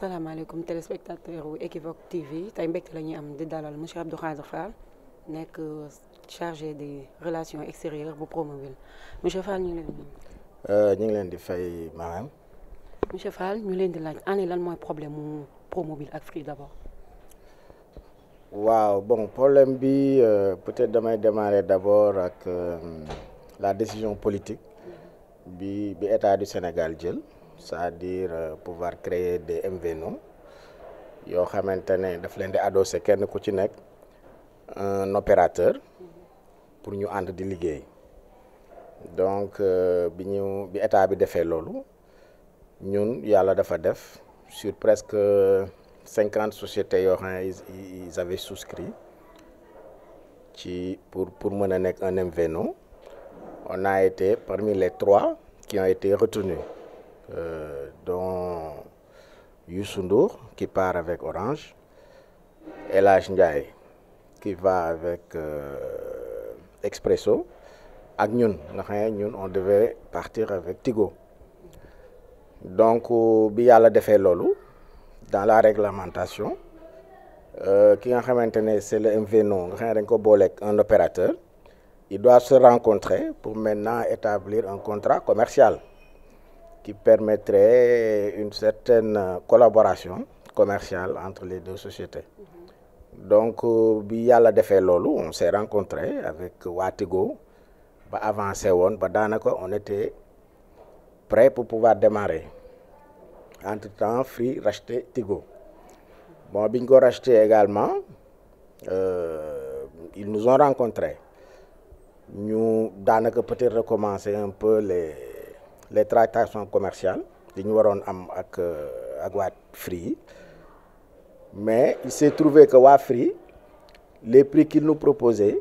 salaamaaleykum téléspectateur wu Equivox TV tey mbégte la ñuy am di dalal monsieur Abdou Khadre Fall nekk euh, chargé des relations extérieures bu Promoville monsieur Fall ñu ngi leen di. Euh, ñu ngi leen di fay maanaam. monsieur Fall ñu leen di laaj année mooy problème mu Promoville ak Free d'abord. waaw bon problème bi euh, peut-être damay démarrer d'abord ak euh, la décision politique bi bi état du Sénégal jël. c'est-à-dire euh, pouvoir créer des MVNO yoo xamante ne daf leen di adossé kenn ku ci nekk un opérateur pour ñu ànd di liggéey donc euh, bi ñu bi état bi defee loolu ñun yàlla dafa def sur presque cinquante sociétés yoo xam ne ils avaient souscrit ci pour pour mën a nekk un MVNO on a été parmi les trois qui ont été retenus Euh, dont Youssou Ndour qui part avec Orange El Hadj Ndiaye qui va avec euh, Expresso ak ñun nga xam ne ñun on devait partir avec Tigo donc euh, bi yàlla defee loolu dans la réglementation ki nga xamante ne c'est le MVNO nga xam ne dañ ko booleeg un opérateur ils doivent se rencontrer pour maintenant établir un contrat commercial qui permettre une certaine collaboration commerciale entre les deux sociétés. donc euh, bi yàlla defee loolu on s'est rencontré avec Watigo ba avancé woon ba daanaka on était prêt pour pouvoir démarrer entre temps Free racheté Tigo bon bi ñu ko racheté également euh, ils nous ont rencontrés ñu daanaka peut-être recommencer un peu les les tractations commerciales li ñu waroon am ak euh, ak waat fri yi mais il s'est trouvé que waa fri les prix qu'ils nous proposaient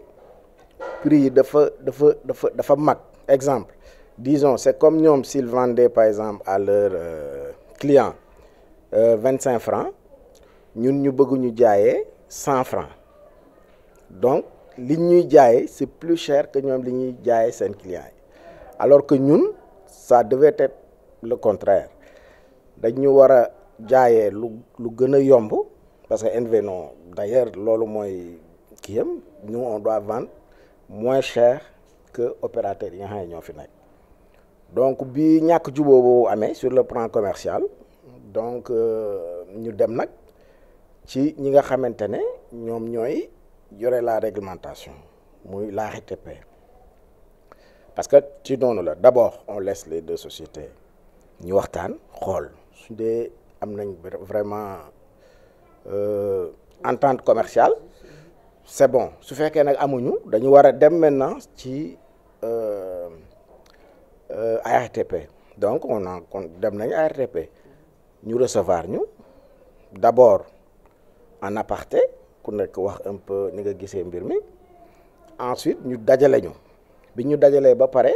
prix yi dafa dafa dafa dafa mag exemple disons c'est comme ñoom s'ils vendaient par exemple à leur euh, client euh, vingt cinq francs ñun ñu bëgguñu ñu jaayee cent francs donc li ñuy jaayee si plus cher que ñoom li ñuy jaayee seen clients yi alors que ñun ça devait être le contraire dañu war a jaayee lu lu gën a yomb parce que NVNO d'ailleurs loolu mooy kiyam nous on doit vendre moins cher que opérateurs yi nga xam ñoo fi nekk donc bi ñàkk juboo boobu amee sur le plan commercial donc euh, ñu dem nag ci ñi nga xamante ne ñoom ñooy yore la réglementation muy l'ARTP parce que ci noonu la d'abord on laisse les deux sociétés ñu waxtaan xool su dee am nañ vraiment euh, entente commerciale c'est bon su fekkee nag amuñu dañu war a dem maintenant ci euh, euh, ARTP donc on a kon dem nañ ARTP ñu recevoir ñu d'abord en aparté ku nekk wax un peu ni nga gisee mbir mi ensuite ñu dajale ñu. bi ñu dajalee ba pare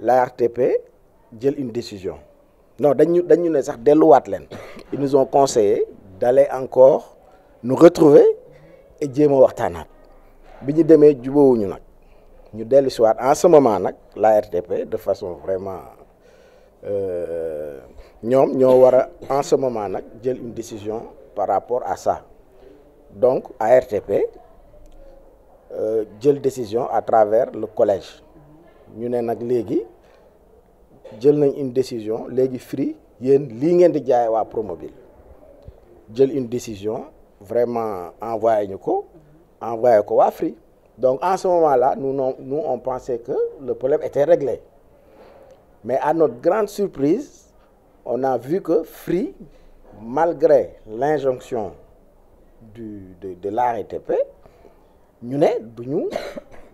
l'ARTP jël une décision non dañu dañu ne sax delluwaat leen ils nous ont encore nous retrouver et jéem a waxtaanaat bi ñu demee jubóowuñu nag ñu dellu si waat en ce moment nag l'ARTP de façon vraiment euh, ñoom ñoo war a en ce moment nag jël une décision par rapport à ça donc ARTP Euh, jël décision à travers le collège ñu ne nag léegi jël nañ une décision léegi fri yéen lii ngeen di jaay waa Promobile jël une décision vraiment envoyé ñu ko envoyé ko waa fri donc en ce moment-là nous nous on pensait que le problème était réglé mais à notre grande surprise on a vu que fri malgré l'injonction du de de l'ARTP ñu ne duñu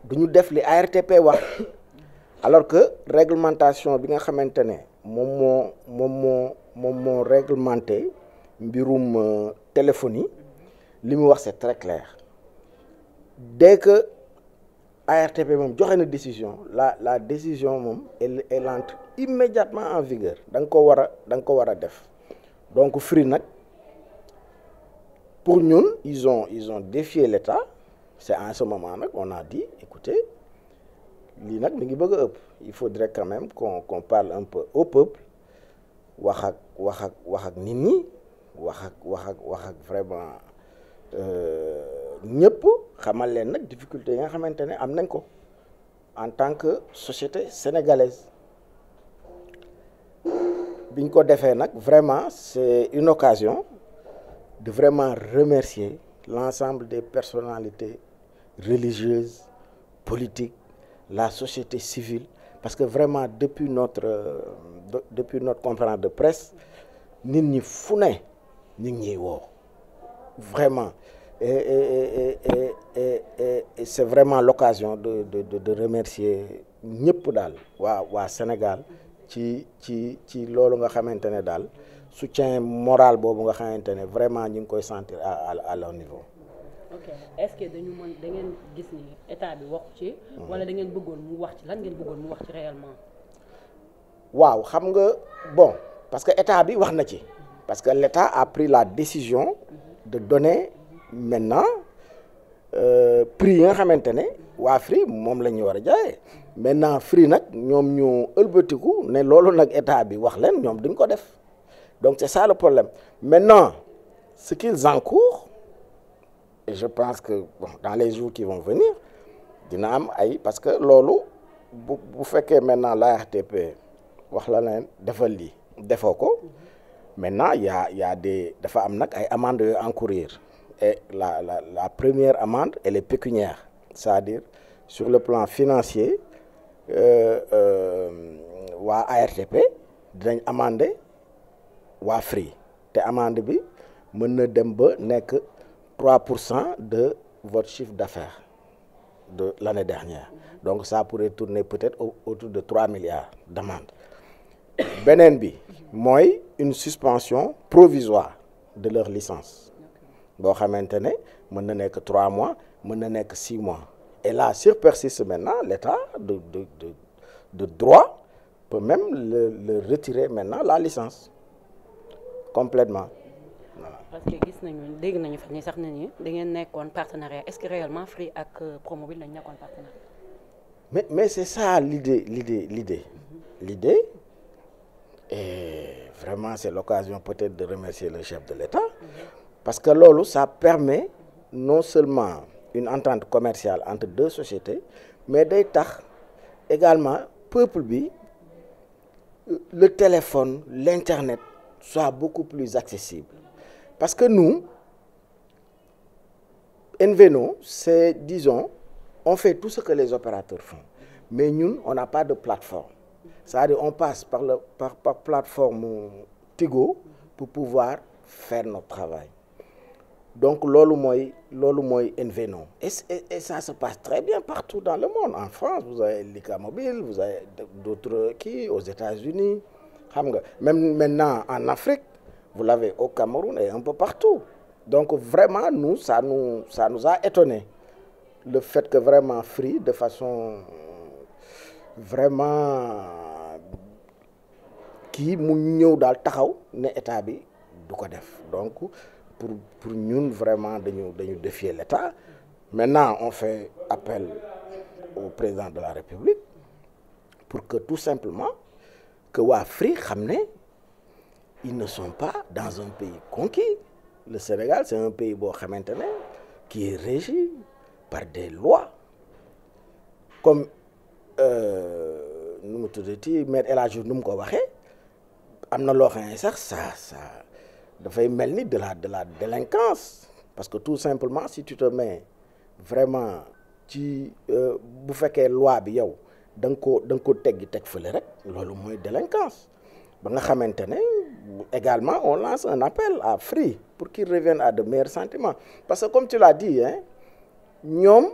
duñu def li ARTP wax alors que réglementation bi nga xamante ne moom moo moom moo moom moo réglementé mbirum euh, téléphonie li mu wax c'est très clair dès que ARTP moom joxe na décision la la décision moom elle elle entre immédiatement en vigueur da nga ko war a da nga ko war a def donc Free nag pour ñun ils ont ils ont défié l'État c'est en ce nag on a dit écoutez lii nag mi ngi bëgg a ëpp il faudrait que même qu'on qu'on parle un peu au peuple wax ak wax wax ak nit ñi wax ak wax ak wax ak vraiment euh, ñëpp xamal leen nag difficulté yi nga xamante ne am nañ ko en tant que société sénégalaise biñ ko defee nag vraiment c'est une occasion de vraiment remercier l'ensemble des personalité religieuse, politique, la société civile, parce que vraiment depuis notre euh, de, notre conférence de presse nit ñi fu ne ñu ngi woo vraiment et, et, c'est vraiment l'occasion de de de, de remercier ñëpp daal waa waa Sénégal ci ci ci loolu nga xamante ne daal soutien moral boobu nga xamante ne vraiment ñu ngi koy sentir à à à niveau. ok est-ce que dañu mën da ngeen gis ni état bi wax ci. Mhm. wala da ngeen bëggoon mu wax ci lan ngeen bëggoon mu wax ci réellement. waaw xam nga bon parce que état bi wax na ci. parce que l'état a pris la décision. de donner maintenant euh, prix yi nga xamante ne waa Free moom la ñu war a jaayee maintenant Free nag ñoom ñu ëlbatiku ne loolu nag état bi wax leen ñoom duñ ko def donc c'est ça le problème maintenant ce qu'ils encourent je pense que dans les jours qui vont venir dina am ay parce que loolu bu bu fekkee maintenant l'ARTP wax la leen defal lii defoo ko maintenant il y a dafa am nag ay amande yooyu encourir et la la la première amande elle est pécuniaire c'est-à-dire sur le plan financier euh, euh, waa ARTP dinañ amender waa Free te amande bi mën na dem ba nekk. 3 pour cent de votre chiffre d'affaires de l'année dernière donc ça pourrait tourner peut-être autour de 3 milliards d'amende beneen bi mooy une suspension provisoire de leur licence boo xamante ne mën na nekk trois mois mën na nekk 6 mois et là sur persiste maintenant l'état de de de de droit peut même le, le retirer maintenant la licence complètement parce que gis nañu dégg nañu fa ni sax na ni da ngeen nekkoon partenariat est-ce que réellement Free ak Promobile lañ nekkoon partenariat. mais mais c'est ça l'idée l'idée l'idée mm-hmm. l'idée et vraiment c'est l'occasion peut-être de remercier le chef de l'État mm-hmm. parce que loolu sa permet non seulement une entente commerciale entre deux sociétés mais day tax également peuple bi le téléphone l'internet soit beaucoup plus accessible Parce que nous, Enveno, c'est, dison on fait tout ce que les opérateurs font. Mais nous, on n'a pas de plateforme. C'est-à-dire on passe par la par, par, plateforme Tigo pour pouvoir faire notre travail. Donc loolu mooy loolu mooy Envenon et, et, et ça se passe très bien partout dans le monde en France vous avez Lika Mobile vous avez d'autres qui aux États-Unis xam nga même maintenant en Afrique vous l'avez au Cameroun et un peu partout. Donc vraiment, nu ça nous, ça nous a Le fait que vraiment Free, de façon vraiment kii mu ñëw daal taxaw ne état bi du ko def donc pour pour ñun vraiment dañu dañu défier l'état maintenant on fait appel au président de la république pour que tout simplement que waa Free xam ne ils ne sont pas dans un pays conquis le Sénégal c'est un pays boo xamante ne qui est régi par des lois comme euh, nu mu tuddati maître El Hadji nu mu ko waxee am na loo xam ne sax ça ça dafay mel ni de la de la parce que tout simplement si tu te mets vraiment ci euh, bu fekkee loi bi yow da nga ko dang ko teggi teg fële rek loolu mooy délinquance ba nga xamante ne également on lance un appel à fri pour qu'ils reviennent à de meilleurs sentiments parce que comme tu la dit hein ñoom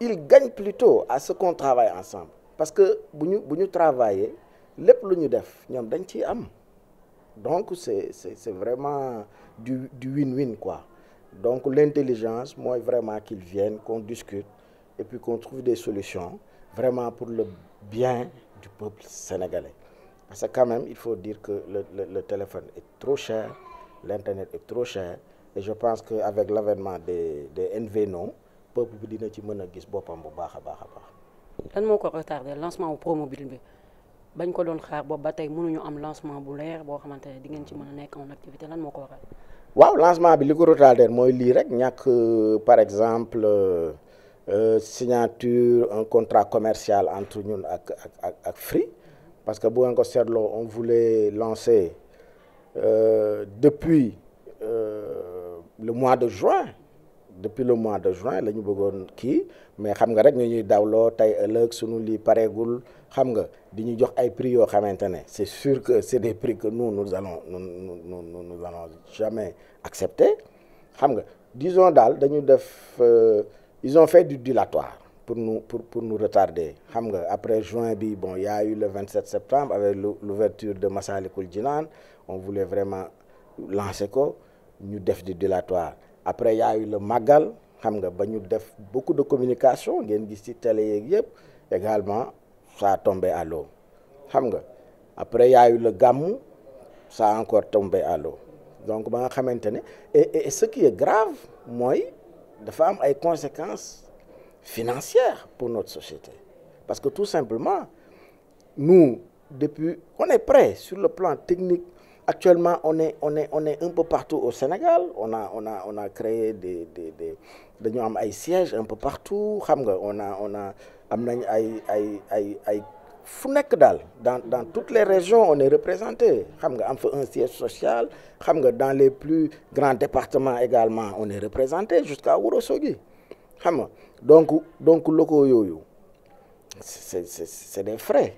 ils gagnent plutôt à ce qu'on travaille ensemble parce que bu ñu bu ñu travailler lépp lu ñu def ñoom dañ ci am donc c'est c'est c'est vraiment du du win-win quoi donc l'intelligence mooy vraiment qu'ils viennent qu'on discute et puis qu'on trouve des solutions vraiment pour le bien du peuple sénégalais Parce que il faut dire que le, le, téléphone est trop cher, l'Internet est trop cher. Et je pense qu'avec l'avènement des, des NVNO, le peuple bi dina ci mën a gis boppam bu baax a baax a baax. lan moo ko retardé lancement wu Promobile bi bañ ko doon xaar boobu ba tey mënuñu am lancement bu leer boo xamante ne di ngeen ci mën a nekk en activité lan moo ko waral. waaw lancement bi li ko retardé mooy lii rek ñàkk euh, par exemple euh, euh, signature un contrat commercial entre ñun ak ak ak ak Free. parce que bu ngeen ko seetloo on voulait lancer euh, depuis euh, le mois de juin depuis le mois de juin la ñu bëggoon kii mais xam nga rek ñu ñuy dawloo tey ëllëg sunu lii pareegul xam nga di ñu jox ay prix yoo xamante ne c'est sûr que c'est des prix que nous nous allons nous nous nu nous allons jamais accepter xam nga disons daal dañu def euh, ils ont fait du dilatoire. pour nous pour pour nous retarder xam nga après juin bi bon y a eu le 27 septembre avec l'ouverture de Massalikul Jinaan on vule vraiment lancer ko ñu def di dilatoire après y a Magal xam nga ba ñu def beaucoup de communication ngeen gis ci télé yeeg yëpp également ça alo xam nga après y a eu le encore tombé à l'eau donc ba nga xamante ne et ce qui est grave mooy dafa am ay conséquences financière pour notre société. Parce que tout simplement, nous, depuis, on est prêt sur le plan technique. Actuellement, on est, on est, on est un peu partout au Sénégal. On a, on a, on a créé des, des, des, des sièges un peu partout. On a, on a, fu nekk daal dans dans toutes les régions on est représenté xam nga am fa un siège social xam nga dans les plus grands départements également on est représenté jusqu'à Ourossogui xam nga donc donc locaux yooyu c'est c'est c'est des frais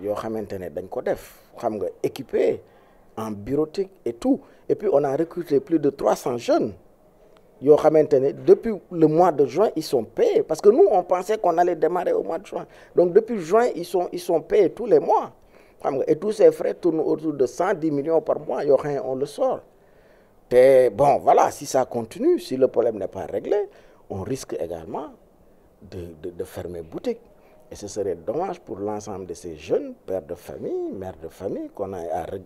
yoo xamante ne dañ ko def xam nga équipé en bureautique et tout et puis on a recruté plus de trois cents jeunes yoo xamante ne depuis le mois de juin ils sont payés parce que nous on pensait qu'on allait démarrer au mois de juin donc depuis juin ils sont ils sont payés tous les mois xam et tous ces frais tournent autour de cent dix millions par mois yoo xam on le sort te bon voilà si ça continue si le problème n'est pas réglé on risque également de, de, de fermer boutique. Et ce serait dommage pour l'ensemble de ces jeunes, pères de famille, mères de famille qu'on a à nga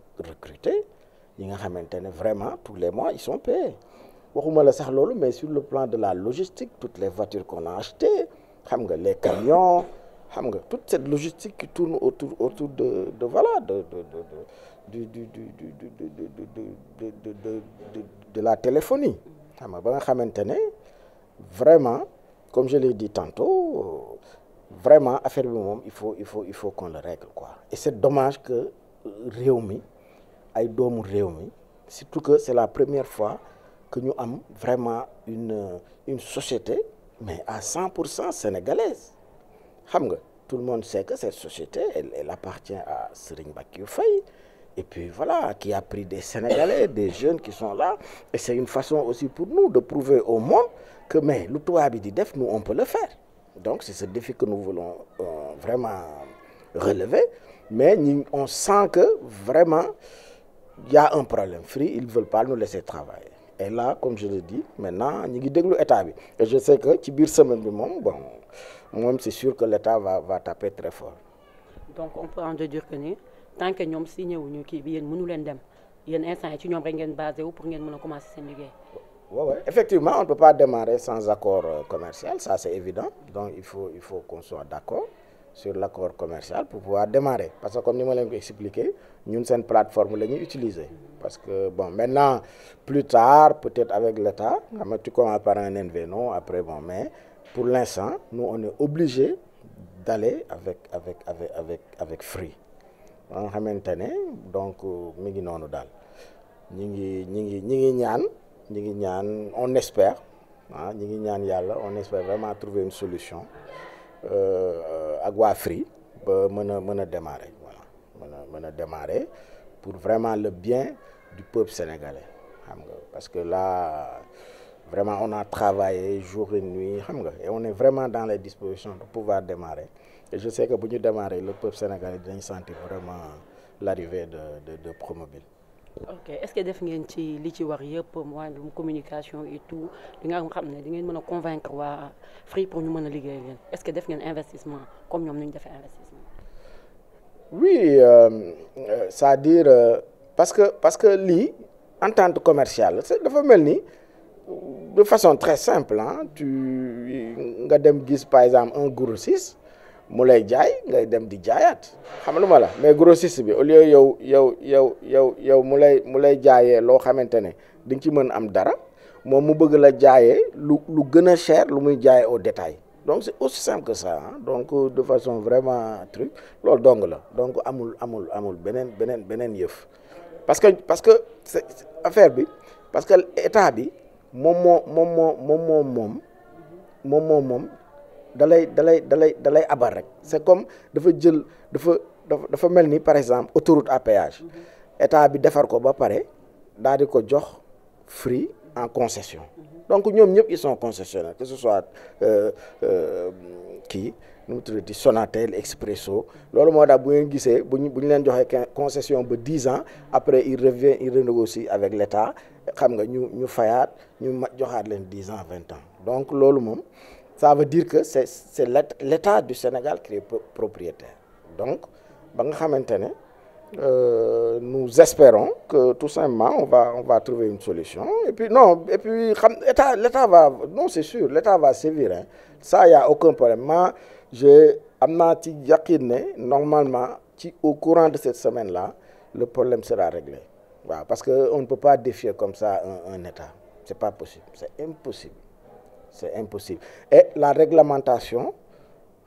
Ils maintenant vraiment tous les mois, ils sont payés. Mais sur le plan de la logistique, toutes les voitures qu'on a achetées, les camions, toute cette logistique qui tourne autour, autour de, de voilà, de, de, de la téléphonie. vraiment comme je l'ai dit tantôt vraiment affaire bi moom il faut il faut il faut qu'on le règle quoi et c'est dommage que euh, réew mi ay doomu réew mi surtout que c'est la première fois que ñu am vraiment une euh, une société mais à 100 pour cent sénégalaise xam nga tout le monde sait que cette société elle, elle appartient à Serigne Bakiou Faye et puis voilà qui a pris des Sénégalais des jeunes qui sont là et c'est une façon aussi pour nous de prouver au monde que mais lu tubaab bi di def nous on peut le faire donc c'est ce défi que nous voulons euh, vraiment relever mais ñi on sent que vraiment y a un problème fri ils veulent pas nous laisser travailler et là comme je le dis maintenant ñi ngi déglu état bi et je sais que ci biir semaine bi moom bon moom c'est sûr que l'état va va taper très fort. donc on peut en déduire que ni tant que ñoom signé wuñu kii bi yéen mënu leen dem yéen instant yi ci ñoom rek ngeen basé wu pour ngeen mën a Ouais, ouais. Effectivement, on ne peut pas sans accord euh, commercial, ça c'est évident. Donc il faut, il faut qu'on soit d'accord sur l'accord commercial pour pouvoir démarrer. Parce que comme ni ma leen ko expliqué ñun seen plateforme la ñuy utiliser. Parce que bon maintenant plus tard peut-être avec l'État xam nga tu commences par un NV non après bon mais pour l'instant nous on est obligé d'aller avec avec avec avec avec Free. ba nga xamante ne donc euh, mi ngi noonu daal ñi ngi ñi ngi ñi ngi ñaan. ñu ngi ñaan on espère ah ñu ngi ñaan yàlla on espère vraiment trouver une solution euh, ak waa Free mën a mën a démarrer voilà mën a mën a démarrer pour vraiment le bien du peuple sénégalais xam nga parce que là vraiment on a travaillé jour et nuit xam nga et on est vraiment dans les dispositions de pouvoir démarrer et je sais que bu ñu démarrer le peuple sénégalais dinañ sentir vraiment l'arrivée de de de Promovilles ok est-ce que def ngeen ci li ci war yëpp wàllum communication et tout di nga xam ne di ngeen mën a convaincre waa Free pour ñu mën a liggéey leen est-ce que def ngeen investissement comme ñoom ñu e investissement. oui euh, euh, cest dire euh, parce que parce que lii entente commerciale dafa mel ni de façon très simple ah tu nga dem gis par exemple un grossiste mu lay jaay ngay dem di jaayaat xam lu ma la mais grossiste bi au lieu yow yow yow yow yow mu lay mu lay jaayee loo xamante ne di nga ci mën am dara moom mu bëgg la jaayee lu lu gën a cher lu muy jaayee au détail donc c'est aussi simple que ça donc euh, de façon vraiment truc lool dong la donc amul amul amul beneen beneen beneen yëf parce que parce que c'est affaire bi parce que état bi moom moo moom moom moom moom moom moom moom dalay dalay dalay dalay abar rek c'est comme dafa jël dafa dafa dafa mel ni par exemple autoroute à péage mhm. état bi defar ko ba pare daal di ko jox free en concession mhm. donc ñoom ñëpp ils sont concessionnaires que ce soit euh, euh, kii nu mu tuddati Sonatel Expresso loolu moo tax bu ngeen gisee bu ñu bu ñu leen joxee concession ba dix ans après il revient il renégocie avec l' état xam nga ñu ñu fayaat ñu ma joxaat leen dix ans vingt ans donc loolu moom. ça veut dire que c'est c'est l'État du Sénégal qui est propriétaire donc ba nga xamante ne euh, nous espérons que tout simplement on va trouver une solution et puis non et l'État va non c'est sûr l'État va sévir ça y a aucun problème ma j'ai am naa ci yaqin ne normalement ci au courant de cette semaine là le problème sera réglé waaw parce que on ne peut pas défier comme ça un un État c'est pas possible c'est impossible c'est impossible et la réglementation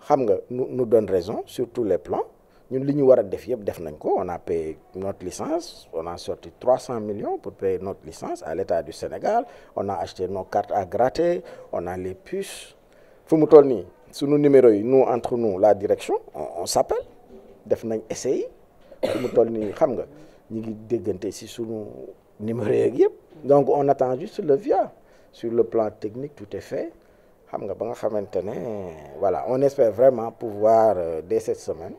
xam nga nous nous donne raison surtout tous les plans ñun li ñu war a def yëpp def nañ ko on a payé notre licence on a sorti 300 millions pour payer notre licence à l'État du Sénégal on a acheté nos cartes à gratter on a les puces fu mu toll nii sunu numéro yi nous entre nous la direction on, on s'appelle def nañ essayé fu mu toll nii xam nga ñu ngi déggante si sunu numéro yeeg yëpp donc on attend juste le via sur le plan technique tout est fait ba nga xamante ne voilà on espère vraiment pouvoir euh, dès cette semaine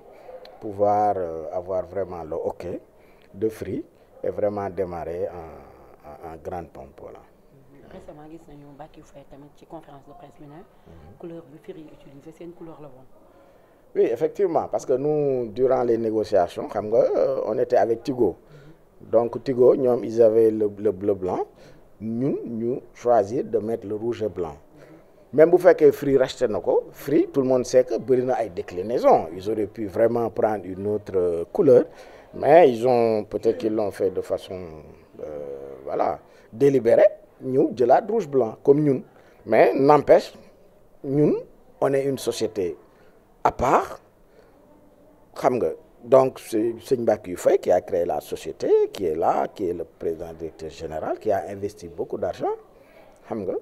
pouvoir euh, avoir vraiment le hockey de Free et vraiment démarrer en en, en grande pompe voilà. récemment conférence de presse bi ne mhm. couleur bi Free utilisé seen couleur la woon. oui effectivement parce que nous durant les négociations xam nga euh, on était avec Tigo mhm. donc Tigo ñoom ils avaient le bleu bleu blanc. ñun ñu choisir de mettre le rouge et blanc même bu fekkee Free racheté na ko fri tout le monde sait que bëri na ay déclinaisons ils auraient pu vraiment prendre une autre euh, couleur mais ils ont peut-être qu'ils l'ont fait de façon euh, voilà délibérée ñu jëlaat rouge blanc comme ñun mais n'empêche ñun on est une société à part xam nga donc c'est Seigne Mbacké Faye qui a créé la société qui est là qui est le président directeur général qui a investi beaucoup d'argent xam nga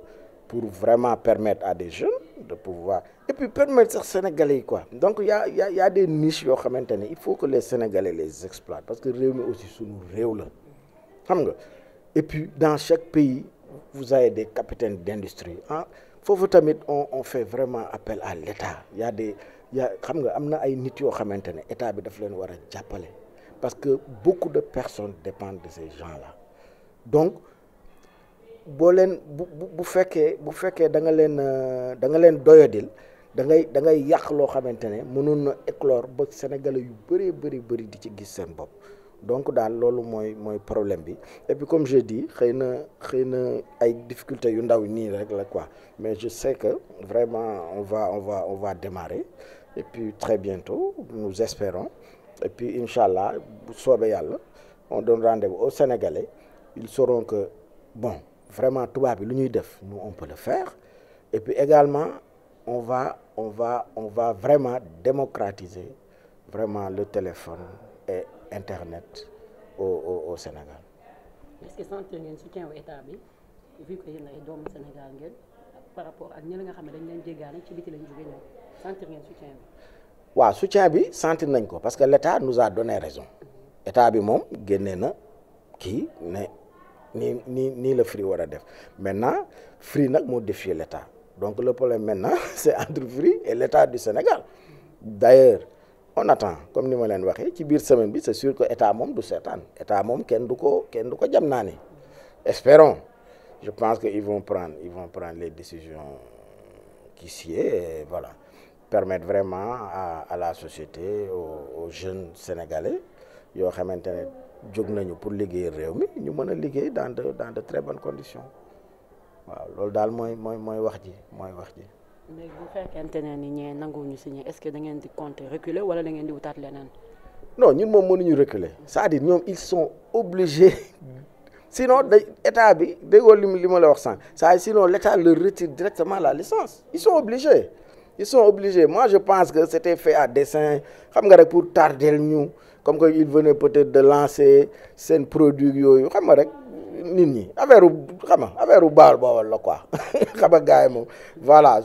pour vraiment permettre à des jeunes de pouvoir et puis permettre sax sénégalais yi quoi donc y a y des niches yoo xamante ne il faut que les sénégalais les exploitent parce que réew mi aussi sunu réew la xam nga et puis dans chaque pays vous avez des capitaines d'industrie ah foofu tamit on on fait vraiment appel à l'État y a des yaa xam nga am na ay nit yoo xamante ne état bi daf leen war a jàppale parce que beaucoup de personne dépendent de ces gens la donc boo leen bu bu fekkee bu fekkee da nga leen euh, da nga leen doyadil da ngay da ngay yàq loo xamante ne mënoon na éclore ba sénégalais yu bëree bëri bëri di ci gis seen bopp donc daal loolu mooy mooy problème bi et puis comme je dis xëy na xëy na ay difficultés yu ndaw nii rek la quoi mais je sais que vraiment on va on va on va démarrer et puis très bientôt nous espérons et puis incha allah soobee yàlla on donne rendez-vous au Sénégalais ils sauront que bon vraiment tubaab bi lu ñuy def nous on peut le faire et puis également on va on va on va vraiment démocratiser vraiment le téléphone Internet au au au Sénégal. est-ce ngeen soutien wu état bi vu Sénégal ngeen par rapport ak ñi nga xam ne dañ leen jéggaane ci biti lañ jógee ñoom sentir ngeen soutien bi. waaw soutien bi sentir nañ ko parce que l'état nous a donné raison état bi moom génnee na kii ne nii nii la Free war a def maintenant Free nag moo défier l'état donc le problème maintenant c'est et l'état du Sénégal d'ailleurs on attend comme ni ma leen waxee ci biir semaine bi c'est sur que état moom du seetaan état moom kenn du ko kenn du ko jam naa ne espérons je pense que ils vont prendre ils vont prendre les décisions qui sied voilà permettre vraiment à, à la société aux, aux sénégalais yoo xamante ne jóg nañu pour liggéey réew mi ñu mën a liggéey dans de dans de très bonnes conditions waaw loolu daal mooy mooy mooy wax ji mooy wax ji léegi bu fekkente ne ni ñee nanguwuñu signé est-ce que da ngeen di compter reculer wala da ngeen di wutaat leneen. non ñun moom mënuñu reculer c'est-à-dire ñoom ils sont obligés sinon day état bi déggoo li li ma la wax sànq ça sinon l'état leur retire directement la licence ils sont obligés ils sont obligés moi je pense que c'était fait à dessein xam nga rek pour tardel ñu comme que il venait peut-être de lancé seen produit yooyu xam nga rek. nit ñi affaire xam nga affaire baal boobal la quoi xam nga gars yi moom voilà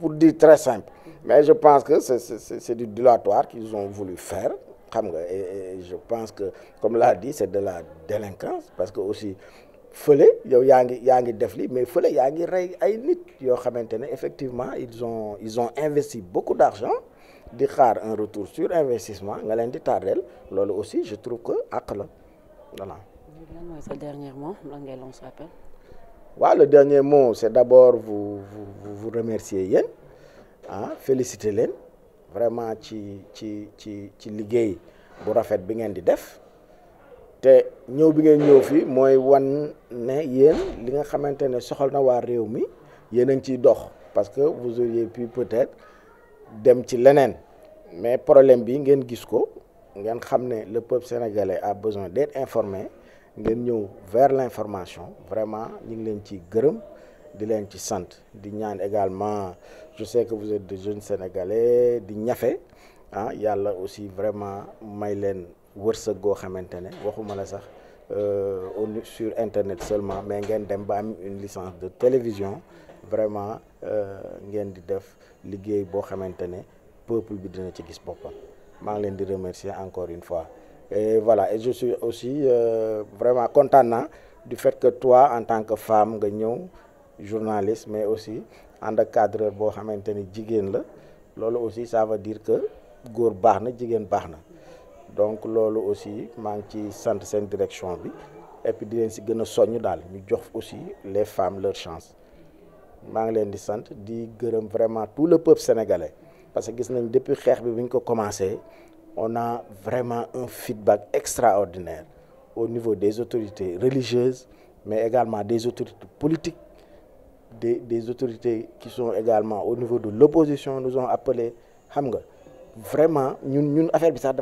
pour dire très simple mais je pense que c'est c'est c'est du dilatoire qu'ils ont voulu faire xam nga et je pense que comme l'a di c'est de la délinquance parce que aussi fële yow yaa ngi yaa ngi def li mais fële yaa ngi rey ay nit yoo xamante ne effectivement ils ont ils ont investi beaucoup d'argent di xaar un retour sur investissement nga leen di tardeel loolu aussi je trouve que àq la lan mooy sa dernier mot lan ngay lancer appel. waaw le dernier mot c'est d'abord vous vous remercier yéen ah féliciter leen vraiment ci ci ci ci liggéey bu rafet bi ngeen di def te ñëw bi ngeen ñëw fii mooy wan ne li nga xamante ne soxal na waa réew mi yéen a ngi ciy dox parce que vous auriez pu peut-être dem ci leneen mais problème bi ngeen gis ko ngeen xam ne le peuple sénégalais a besoin d'être informé ngeen ñëw vers information vraiment ñu ngi leen ci gërëm di leen ci sant di ñaan également je sais que vous êtes des jeunes sénégalais di ñafe ah yàlla aussi vraiment may leen wërsëg goo xamante ne waxuma la sax euh, au sur internet seulement mais ngeen dem ba am une licence de télévision vraiment euh, ngeen di def liggéey boo xamante ne peuple bi dina ci gis boppam maa ngi leen di remercier encore une fois. et voilà et je suis aussi euh, vraiment kontaan naa du fait que toi en tant que femme nga ñëw journaliste mais aussi ànd ak cadreur boo xamante ni jigéen la loolu aussi ça veut dire que góor baax na jigéen baax na donc loolu aussi maa ngi ci sant seen direction bi et puis di leen si gën a soññ daal ñu jox aussi les femmes leur chance maa ngi leen di sant di gërëm vraiment tout le peuple sénégalais parce que gis nañ depuis xeex bi bi ñu ko commencé on a vraiment un feedback extraordinaire au niveau des autorités religieuses, mais également des autorités politiques, des, des autorités qui sont également au niveau de l'opposition, nous ont appelé Hamga. Vraiment, nous, nous affaire ça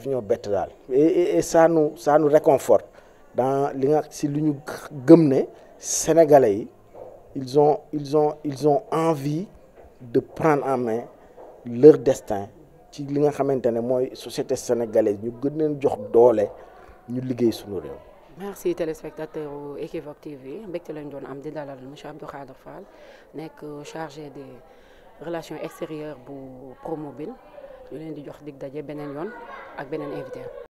et, et, et, ça nous, ça nous réconforte dans si nous Sénégalais, ils ont, ils ont, ils ont envie de prendre en main leur destin ci li nga xamante ne mooy société sénégalaise ñu gën leen jox doole ñu liggéey suñu réew. merci téléspectateur Equivox TV mbekk lañ doon am di dalal monsieur Abdou Khadre Fall nekk chargé de relations extérieures bu Promobile ñu leen di jox dig daje beneen yoon ak beneen invité.